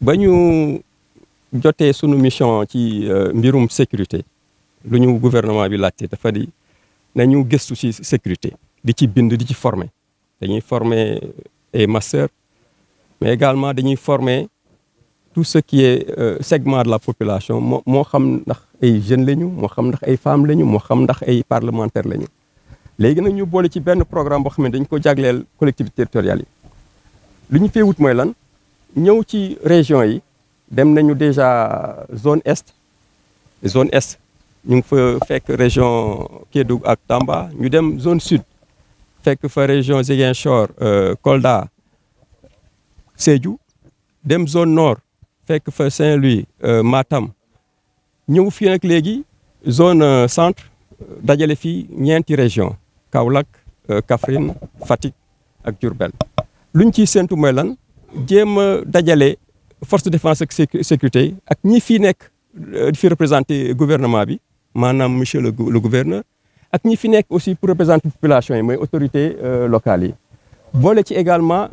bañu joté suñu mission ci euh, mbirum sécurité luñu gouvernement bi laajte dafa di nañu gëstu ci sécurité di ci bind di ci former dañuy former euh, ay master mais également dañuy former tout ce qui est euh, segment de la population mo xam ndax ay jeunes lañu mo xam ndax ay femmes lañu mo xam ndax ay parlementaires lañu légui nañu bolé ci benn programme bo xam dañ ko jagleel collectivités territoriales yi li ñu wut lan ñëw ci région yi dem nañu déjà zone est zone est ñu fa fekk région Kédougou ak Tamba ñu dem zone sud fekk fa région Ziguinchor euh, Kolda Sédhiou dem zone nord fekk fa Saint-Louis euh, Matam ñëw fi nak légui zone euh, centre dajale fi ñenti région Kaolack Kaffrine Fatick ak Diourbel luñ ci sentu mooy jéem dajale force de défense ak sécurité Et ak ñi fi nekk euh, di fi représenter gouvernement bi maanaam monsieur le gouverneur ak ñi fi nekk aussi pour représenter population yi mooy autorités euh, locales yi boole ci également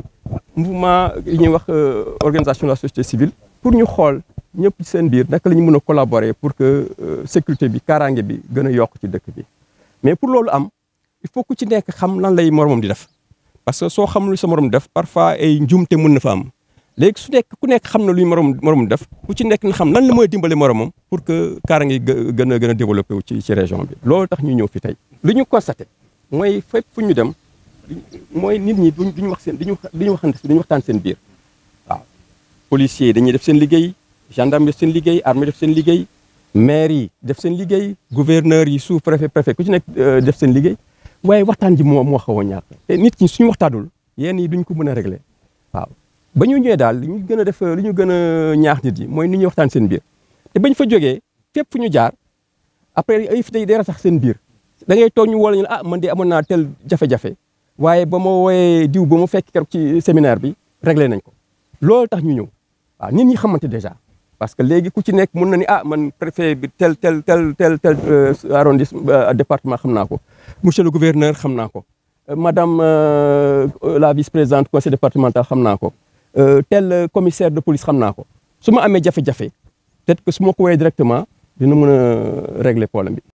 mouvement yi ñuy wax euh, organisation de la société civile pour ñu xool ñëpp seen biir naka la ñu collaborer pour que sécurité bi karange bi gën a yokk ci dëkk bi mais pour loolu am il faut ku ci nekk xam lan lay moromam di def parce que soo xamul sa def parfois ay njumte mën na fa am léegi su nekk ku nekk xam na luy morom morom def ku ci nekk ni xam lan la mooy dimbale moromam pour que Kaaraange gën a gën a développé wu ci ci région bi. loolu tax ñu ñëw fi tey lu ñu constaté mooy fépp fu ñu dem mooy nit ñi duñ duñ wax seen duñu duñu waxante duñu waxtaan seen biir waaw. policiers yi dañuy def seen liggéey gendarme def seen liggéey armée def seen liggéey maire yi def seen liggéey gouverneur yi sous préfet préfet ku ci nekk euh, def seen liggéey. waaye waxtaan ji moo moo xaw a nit ñi suñu waxtaanul yenn yi duñ ko mën a régler waaw ba ñu ñëwee daal li ñu gën a def li ñu gën a ñaax nit yi mooy ni ñuy waxtaan seen biir te bañ fa jogee fépp fu ñu jaar après ay fi day sax seen biir dangay ngay toog ñu wala ñu ah man de amoon naa tel jafe-jafe waaye ba ma wooyee diw ba ma fekk keroog ci séminaire bi réglé nañ ko loolu tax ñu ñëw waaw nit ñi xamante déjà parce que léegi ku ci nekk mun na ni ah man préfet bi tel tel tel tel tel euh, arrondissement euh, département xam naa ko monsieur le gouverneur xam naa ko euh, madame la vice-présidente conseil départemental xam naa ko tel commissaire de police xam naa ko su ma amee jafe-jafe peut-être que su ma ko woowee directement dina mën a régler problème bi.